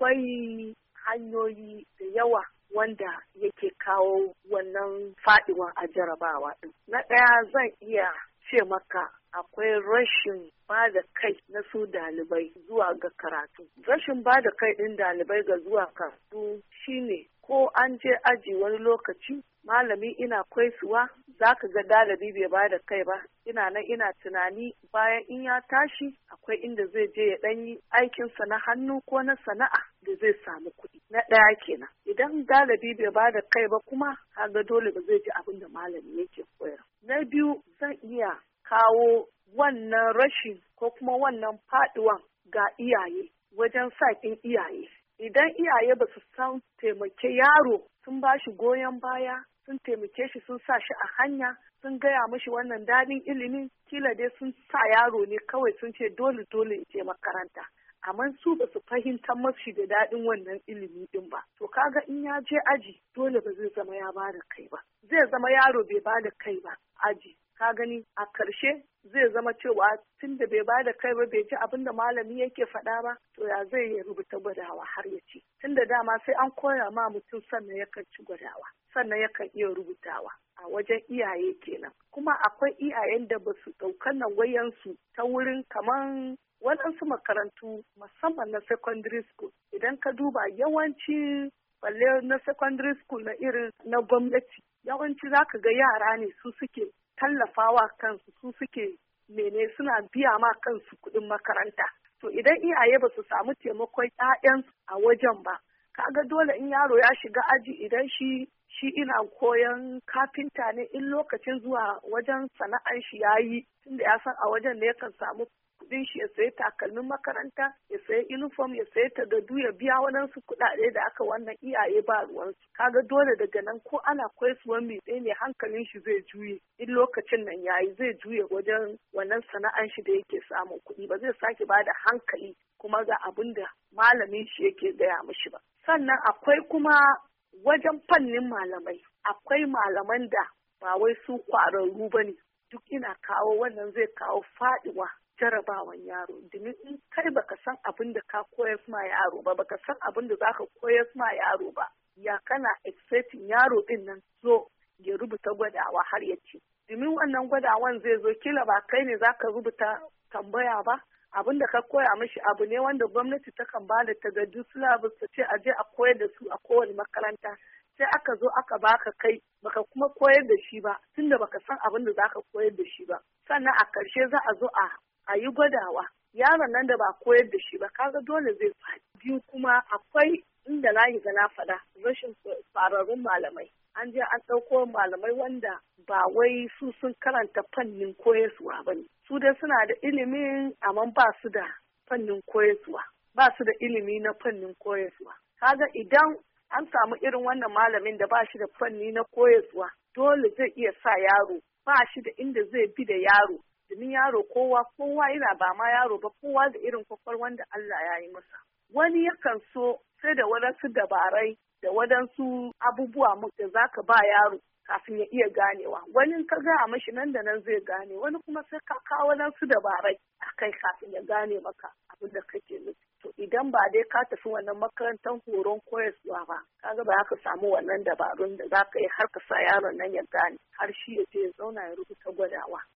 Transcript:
akwai hanyoyi da yawa wanda yake kawo wannan faɗiwan a jarabawa ɗin. Na ɗaya zan iya ce maka akwai rashin ba da kai na su dalibai zuwa ga karatu. Rashin ba da kai ɗin dalibai ga zuwa karatu shine ko an je aji wani lokaci malami ina kwaisuwa za ka ga dalibi bai ba da kai ba ina nan ina tunani bayan in ya tashi akwai inda zai je ya ɗan yi aikin sa na hannu ko na sana'a da zai samu kuɗi na ɗaya kenan idan galibi bai ba da kai ba kuma kaga dole ba zai ji abin da malami yake koyar na biyu zan iya kawo wannan rashin ko kuma wannan faɗuwan ga iyaye wajen sa iyaye idan iyaye ba su san taimake yaro sun ba shi goyon baya sun taimake shi sun sa shi a hanya sun gaya mashi wannan Daɗin ilimin kila dai sun sa yaro ne kawai sun ce dole dole in je makaranta amma su ba su fahimtar mashi da daɗin wannan ilimi din ba to kaga in ya je aji dole ba zai zama ya bada kai ba zai zama yaro bai bada kai ba aji ka gani a karshe zai zama cewa tun da bai bada kai ba bai ji abin da malami yake faɗa ba to ya zai ya rubuta gwadawa har ya ci tun da dama sai an koya ma mutum sannan yakan ci gwadawa sannan yakan iya rubutawa a wajen iyaye kenan kuma akwai iyayen da ba su ɗaukar nan wayansu ta wurin kaman waɗansu makarantu musamman na secondary school idan ka duba yawanci balle na secondary school na irin na gwamnati yawanci za ka ga yara ne su suke tallafawa kansu su suke mene suna biya ma kansu kuɗin makaranta to idan iyaye ba su samu taimakon 'ya'yansu a wajen ba kaga dole in yaro ya shiga aji idan shi shi ina koyan kafinta ne in lokacin zuwa wajen sana'ar shi ya yi tunda ya san a wajen ne yakan samu kuɗin shi ya takalmin makaranta ya sayi uniform ya sayi tadadu ya biya waɗansu kuɗaɗe da aka wannan iyaye ba ruwansu kaga dole daga nan ko ana kwaisuwan mitse ne hankalin shi zai juye in lokacin nan yayi zai juye wajen wannan sana'an shi da yake samun kuɗi ba zai sake ba da hankali kuma ga abin da malamin shi yake gaya mishi ba sannan akwai kuma wajen fannin malamai akwai malaman da ba wai su kwararru ba ne duk ina kawo wannan zai kawo faɗiwa jarabawan yaro domin in kai baka san abin da ka koyar ma yaro ba baka san abin da zaka koyar ma yaro ba ya kana expecting yaro din nan zo ya rubuta gwadawa har ya ce domin wannan gwadawan zai zo kila ba kai ne zaka rubuta tambaya ba abin da ka koya mishi abu ne wanda gwamnati ta kan bada ta ga duk syllabus ta ce aje a koyar da su a kowane makaranta sai aka zo aka baka kai baka kuma koyar da shi ba tunda baka san abin da zaka koyar da shi ba sannan a karshe za a zo a a yi gwadawa yaron nan da ba koyar da shi ba kaga dole zai faɗi biyu kuma akwai inda na yi na faɗa rashin fararrun malamai an je an ɗauko malamai wanda ba wai su sun karanta fannin koyarwa ba ne su dai suna da ilimin amma ba su da fannin koyarwa ba su da ilimi na fannin koyarwa kaga idan an samu irin wannan malamin da ba shi da fanni na koyarwa dole zai iya sa yaro ba shi da inda zai bi da yaro domin yaro kowa kowa yana ba ma yaro ba kowa da irin kwakwalwan wanda Allah ya yi masa wani yakan so sai da wadansu dabarai da wadansu abubuwa da za ka ba yaro kafin ya iya ganewa wani ka gaya mashi nan da nan zai gane wani kuma sai ka kawo dabarai a kai kafin ya gane maka abin da kake nufi to idan ba dai ka tafi wannan makarantar horon koyarwa ba ka ga ba ka samu wannan dabarun da za ka yi har ka sa yaron nan ya gane har shi ya je ya zauna ya rubuta gwadawa